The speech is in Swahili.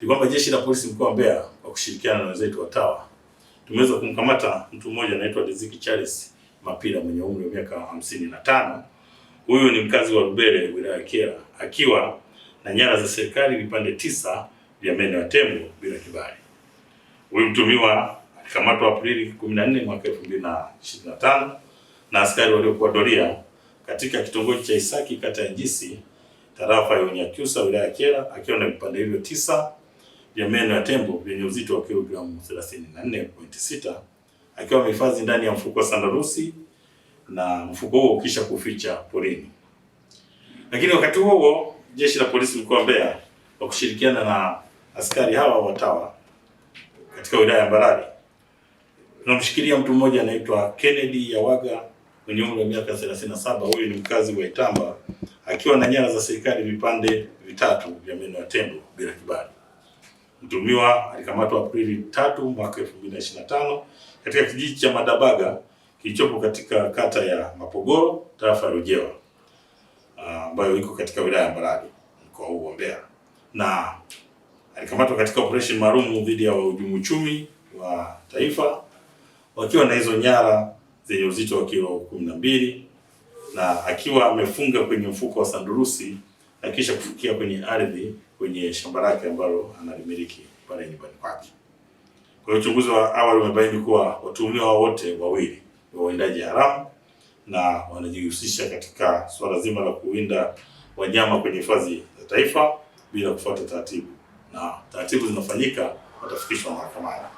ni kwamba Jeshi la Polisi mkoa wa Mbeya kwa kushirikiana na wenzetu wa TAWA tumeweza kumkamata mtu mmoja anaitwa Riziki Charles Mapila mwenye umri wa miaka hamsini na tano. Huyu ni mkazi wa Rubere wilaya ya Kyela akiwa na nyara za serikali vipande tisa vya meno ya tembo bila kibali. Huyu mtumiwa alikamatwa Aprili 14 mwaka 2025 na askari waliokuwa doria katika kitongoji cha Isaki kata ya Njisi tarafa ya Unyakyusa wilaya ya Kyela akiwa na vipande hivyo tisa ya meno ya tembo yenye uzito wa kilogramu 34.6 akiwa amehifadhi ndani ya mfuko wa sandarusi na mfuko huo ukisha kuficha porini. Lakini wakati huo huo jeshi la polisi mkoa wa Mbeya kwa kushirikiana na askari hawa watawa katika wilaya ya Mbarali tunamshikilia mtu mmoja anaitwa Kennedy Yawaga mwenye umri wa miaka 37. Huyu ni mkazi wa Itamba akiwa na nyara za serikali vipande vitatu vya meno ya tembo bila kibali. Mtumiwa alikamatwa Aprili tatu mwaka 2025 katika kijiji cha Madabaga kilichopo katika kata ya Mapogoro tarafa ya Rujewa ah, ambayo iko katika wilaya ya Mbarali mkoa huu wa Mbeya, na alikamatwa katika operation maalum dhidi ya wahujumu uchumi wa taifa wakiwa na hizo nyara zenye uzito wa kilo kumi na mbili na akiwa amefunga kwenye mfuko wa sandurusi na kisha kufukia kwenye ardhi kwenye shamba lake ambalo analimiliki pale nyumbani kwake. Kwa hiyo uchunguzi wa awali umebaini kuwa watuhumiwa wote wawili ni wawindaji haramu na wanajihusisha katika suala zima la kuwinda wanyama kwenye hifadhi za taifa bila kufuata taratibu, na taratibu zinafanyika watafikishwa mahakamani.